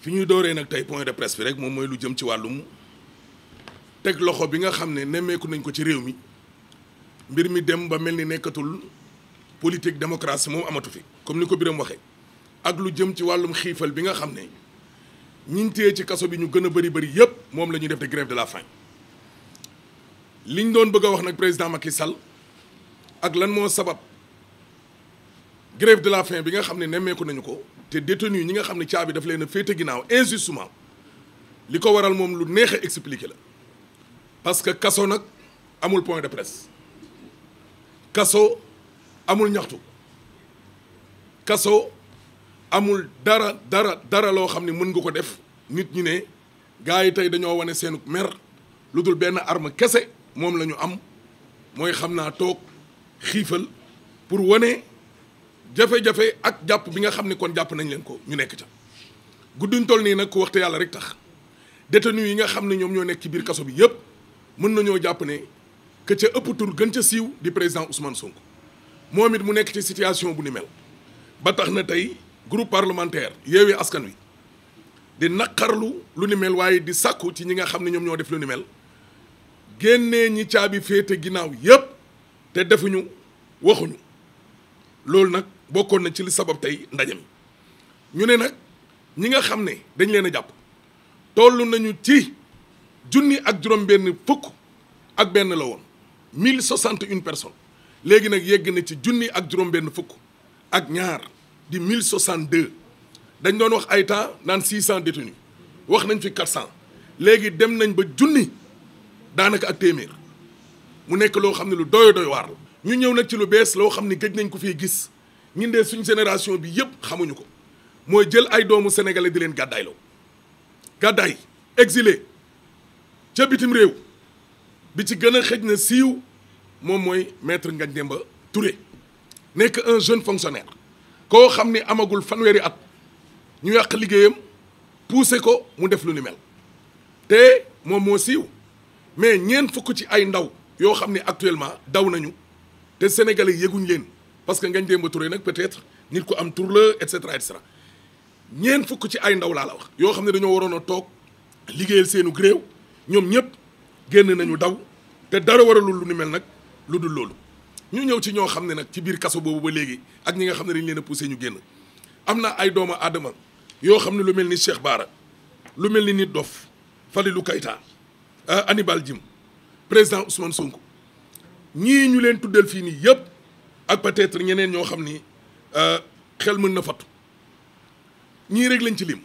fi ñuy dooree nag tey point de presse bi rek moom mooy lu jëm ci wàllum teg loxo bi nga xam ne nemmeeku nañ ko ci réew mi mbir mi dem ba mel ni nekkatul politique démocratie moom amatu fi comme ni ko Birame waxee ak lu jëm ci wàllum xiifal bi nga xam ne ñiñ téye ci kaso bi ñu gën a bëri bëri yépp moom la ñuy def de grève de la faim liñ doon bëgg wax nag président Macky sal ak lan moo sabab grève de la faim bi nga xam ne nemmeeku nañu ko te détenu ñi nga xam ne caabi daf leen a féete ginnaaw injustement li ko waral moom lu neex a expliqué la parce que kaso nag amul point de presse kaso amul ñaxtu kaso amul dara dara dara loo xam ne mën nga ko def nit ñi ne gars yi tey dañoo wane seenu mer lu dul benn arme kese moom la ñu am mooy xam naa toog xiifal pour wane. jafe-jafe ak jàpp bi nga xam ne kon jàpp nañ leen ko ñu nekk ca gudduñ toll nii nag ku waxte yàlla rek tax détenu yi nga xam ne ñoom ñoo nekk ci biir kaso bi yëpp mën nañoo jàpp ne que ca ëpp tur gën ca siiw di président Ousmane Sonko moom it mu nekk ci situation bu ni ba tax na tey groupe parlementaire Yewwi Askan Wi di naqarlu lu ni mel waaye di sàkku ci ñi nga xam ne ñoom ñoo def lu ni mel génnee ñi caabi féete ginnaaw yëpp te defuñu waxuñu loolu nag. bokkoon na ci li sabab tey ndaje mi ñu ne nag ñi nga xam ne dañ leen a jàpp tollu nañu ci junni ak juróom-benn fukk ak benn la woon mille soixante une personnes léegi nag yegg na ci junni ak juróom-benn fukk ak ñaar di mille soixante deux dañ doon wax ay temps naan six cent détenus wax nañ fi quatre cent léegi dem nañ ba junni daanaka ak téeméer mu nekk loo xam ne lu doyo doy waar la. ñu ñëw nag ci lu bees loo xam ne gëj nañ ko fii gis. ñun de suñ génération bi yëpp xamuñu ko mooy jël ay doomu sénégalais di leen gàddaayloo gàddaay exilé ca bitim réew bi ci gën a xëj na siiw moom mooy maître nga Demba Touré nekk un jeune fonctionnaire koo xam ni amagul fanweeri at ñu yàq liggéeyam poussé ko mu def lu ni mel te moom moo siiw mais ñeent fukk ci ay ndaw yoo xam ni actuellement daw nañu te sénégalais yëguñ leen parce que Ngagne Demba Touré nag peut-être nit ku am tur la et cetera et ñeent fukk ci ay ndaw laa la wax yoo xam ne dañoo waroon toog liggéeyal seenu gréew ñoom ñëpp génn nañu daw te dara waralu lu ni mel nag lu dul loolu ñu ñëw ci ñoo xam ne nag ci biir kaso boobu ba léegi ak ñi nga xam ne dañ leen a poussé ñu génn am na ay doomu aadama yoo xam ne lu mel ni Cheikh Baara lu mel ni Nit Dof Falilou Keita ah, Hannibal jim président Ousmane Sonko ñii ñu leen tuddal fii nii yëpp ak peut-être ñeneen ñoo xam ni euh, xel mën na fatu ñii rek lañ ci lim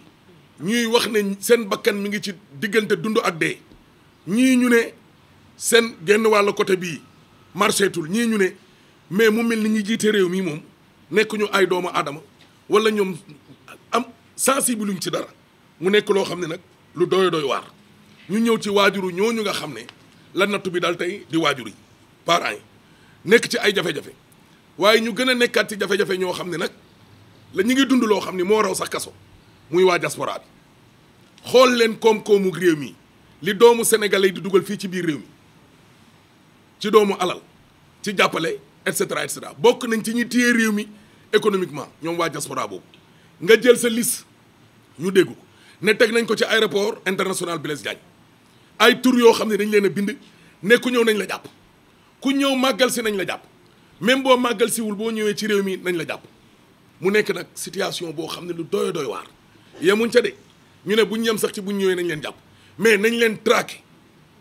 ñuy wax ne seen bakkan mu ngi ci diggante dund ak dee ñii ñu ne seen genn wàll côté bii marchétul ñii ñu ne mais mu mel ni ñi jiite réew mi moom nekk ñu ay doomu aadama wala ñoom am sensible luñ ci dara mu nekk loo xam ne nag lu doy doy waar ñu ñëw ci waajuru ñu nga xam ne la nattu bi daal tey di waajur yi parents nekk ci ay jafe-jafe waaye ñu gën a nekkaat ci jafe-jafe ñoo xam ne nag la ñu ngi dund loo xam ne moo raw sax kaso muy waa diaspora bi xool leen koom-koomu réew mi li doomu sénégalais di dugal fii ci biir réew mi ci doomu alal ci jàppale et cetera bokk nañ ci ñi téye réew mi économiquement ñoom waa diaspora boobu nga jël sa liste ñu dégg ko ne teg nañ ko ci aéroport international Blaise Diagne ay tur yoo xam ne dañ leen a bind ne ñëw nañ la jàpp ku ñëw màggal si nañ la jàpp même boo màggal siwul boo ñëwee ci réew mi nañ la jàpp mu nekk nag situation boo xam ne lu doy doy waar yemuñ ca de ñu ne buñ yem sax ci buñ ñëwee nañ leen jàpp mais nañ leen traqué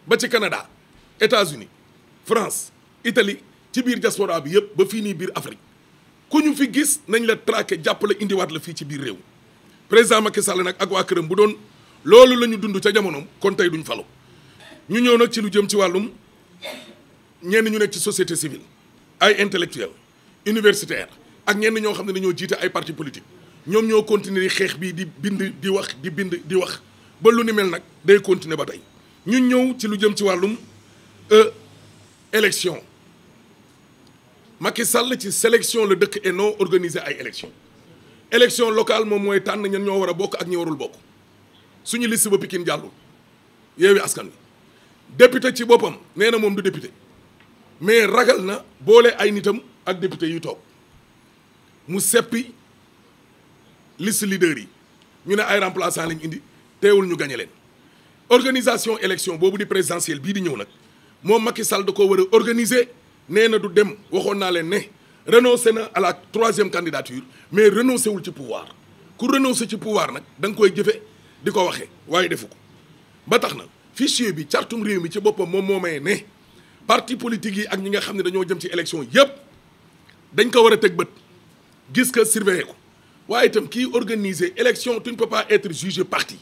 ba ci Canada états uni France itali ci biir diaspora bi yëpp ba fii nii biir Afrique ku ñu fi gis nañ la traqué jàpp la indiwaat la fii ci biir réew président Macky Sall nag ak waa këram bu doon loolu la ñu dund ca jamonoom kon tey duñ falo ñu ñëw nag ci lu jëm ci wàllum ñenn ñu nekk ci société civile ay intellectuels universitaires ak ñenn ñoo xam ne dañoo jiite ay parti politique ñoom ñoo continuer xeex bii di bind di wax di bind di wax ba lu ni mel nag day continuer ba tey ñu ñëw ci lu jëm ci wàllum euh, élection Macky Sall ci sélection la dëkk et non organiser ay élection élection locale moom mooy tànn ñan ñoo war a bokk ak ñi warul bokk suñu liste ba Pikine jàllul yeewi askan wi député ci boppam nee na moom du député mais ragal na boole ay nitam ak député yu toog mu seppi liste leader yi ñu ne ay remplaçant lañ indi teewul ñu gañe leen organisation élection boobu di présidentielle bii di ñëw nag moom Macky Sall da ko war a organiser nee na du dem waxoon naa leen ne renoncé na à la troisième candidature mais renoncé wul ci pouvoir ku renoncé ci pouvoir nag da nga koy jëfe di ko waxee waaye defu ko ba tax na fichier bi cartum réew mi ci boppam moom moo may ne parti politique yi ak ñi nga xam ne dañoo jëm ci élection yépp dañ ko war a teg bët gis ko surveiller ko waaye itam kii organiser élection tu ne peux pas être jugé parti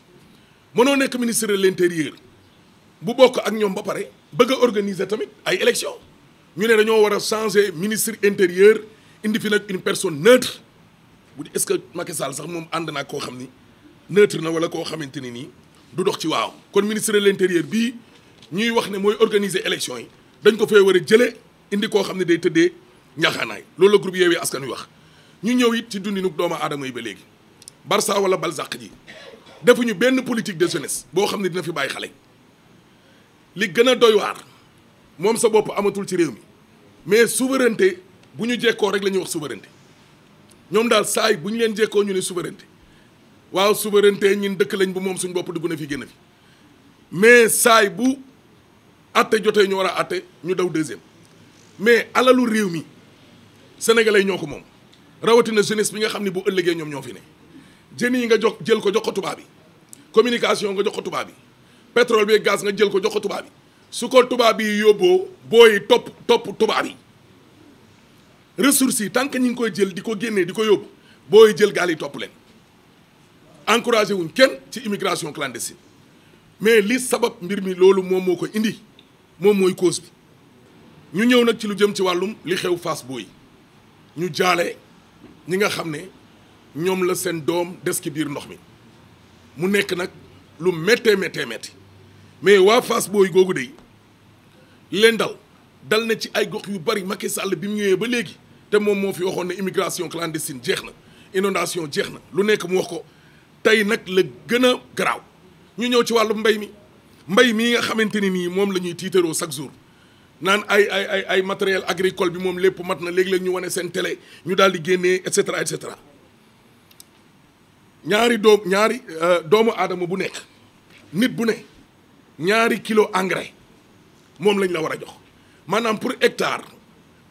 mënoo nekk ministre de l'intérieur bu bokk ak ñoom ba pare bëgg a organiser tamit ay élection ñu ne dañoo war a changer ministre intérieur indi fi nag une personne neutre bu di est-ce que Macky Sall sax moom ànd naa koo xam ni neutre na wala koo xamante ni nii du dox ci waaw kon ministre de l'intérieur bii ñuy wax ne mooy organiser élection yi dañ ko fee war a jëlee indi koo xam ne day tëddee ñaxaanaay loolu la groupe Yewwi Askan Wi wax ñu ñëw it ci dundinu doomu aadama yi ba léegi Barça wala Balzac ji defuñu benn politique de jeunesse boo xam ne dina fi bàyyi xale li gën a doy waar moom sa bopp amatul ci réew mi mais souveraineté bu ñu jekkoo rek la ñuy wax souveraineté ñoom daal saay bu ñu leen jekkoo ñu ne souveraineté waaw souveraineté ñun dëkk lañ bu moom suñ bopp dugg na fi génn fi mais saay atte jotee ñu war a atte ñu daw deuxième mais alalu réew mi sénégalais ñoo ko moom rawatina jeunesse bi nga xam ne bu ëllëgee ñoom ñoo fi ne jën yi nga jox jël ko jox ko tubaab bi communication nga jox ko tubaab bi pétrole bi gaz nga jël ko jox ko tubaab bi su ko tubaab yi yóbboo booy topp topp tubaab yi ressources yi tant que ñu ngi koy jël di ko génnee di ko yóbbu booy jël gaal yi topp leen encouragé wuñ kenn ci immigration clandestine mais li sabab mbir mi loolu moom moo ko indi moom mooy cause bi ñu ñëw nag ci lu jëm ci wàllum li xew Fass Boye ñu jaale ñi nga xam ne ñoom la seen doom des ci biir ndox mi mu nekk nag lu méttee méttee métti mais waa Fass Boye googu de leen dal dal na ci ay gox yu bari Macky sàll bi mu ñëwee ba léegi te moom moo fi waxoon ne immigration clandestine jeex na inondation jeex na lu nekk mu wax ko tey nag la gën a garaaw ñu ñëw ci wàllum mbay mi. mbay mii nga xamante ni nii moom la ñuy tiitaroo chaque jour naan ay ay ay ay matériel agricole bi moom lépp mat na léeg-léeg ñu wane seen télé ñu daal di génnee et cetera ñaari doom ñaari euh, doomu aadama bu nekk nit bu ne ñaari kilo engrais moom lañ la war a jox maanaam pour hectare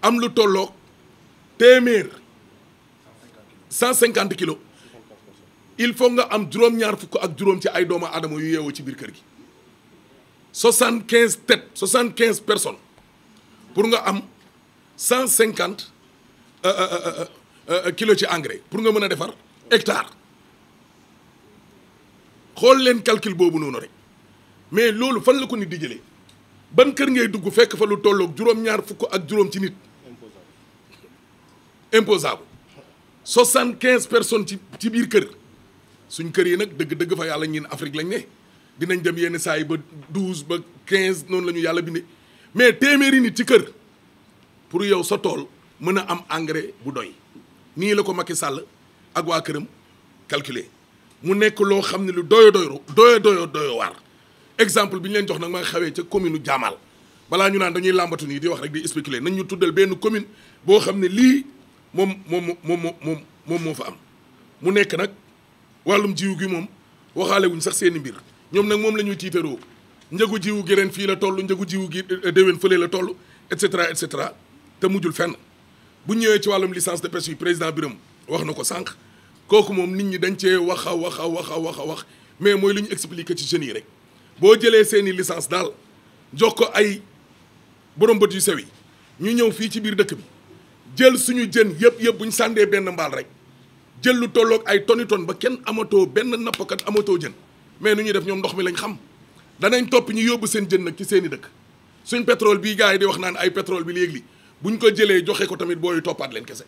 am lu tolloog téeméer cent cinquante kilos il faut nga am juróom-ñaar fukk ak juróom ci ay doomu aadama yu yeewoo ci biir kër gi soixante quinze têtes soixante quinze personnes pour nga am cent cinquante euh, euh, euh, kilo ci engrais pour nga mën a defar hectare xool leen calcul boobu noonu rek mais loolu fan la ko nit di jëlee ban kër ngay dugg fekk fa lu tollook juróom-ñaar fukk ak juróom ci nit imposable soixante quinze personnes ci ci biir kër suñ kër yi nag dëgg-dëgg fa yàlla ñin Afrique lañ ne dinañ dem yenn saa yi ba douze ba quinze noonu la ñu yàlla bindee mais téeméeri nit ci kër pour yow sa tool mën a am engrais bu doy nii la ko Macky sàll ak waa këram calculer mu nekk loo xam ne lu doyo doyo doyo doyo doyo waar exemple bi ñu leen jox nag ma xawee ca commune u balaa ñu naan dañuy làmbatu nii di wax rek di spéculer nañ ñu tuddal benn commune boo xam ne lii moom moom moom moom moom moo fa am mu nekk nag wàllum jiw gi moom waxaale wuñ sax seeni mbir ñoom nag moom la ñuy tiitaroo njëgu jiwu gi ren fii la toll njëgu jiwu gi euh, euh, déwén fële la toll et cetera et cetera te mujjul fenn bu ñëwee ci wàllum licence de pêche yi président Birame wax na ko sànq kooku moom nit ñi dañ cee wax a wax a wax a wax a wax mais mooy li ñu expliqué ci jeunes yi rek boo jëlee seeni licence daal jox ko ay borom bët yu sew yi ñu ñëw fii ci biir dëkk bi jël suñu jën yëpp yëpp bu ñu sàndee benn mbaal rek jël lu tolloog ay toni ton ba kenn amatoo benn nappkat amatoo jën mais nu ñuy def ñoom ndox mi lañ xam danañ topp ñu yóbbu seen jën nag ci seen i dëkk suñ pétrole bii gars yi di wax naan ay pétrole bi léegi li buñ ko jëlee joxe ko tamit booy toppaat leen kese.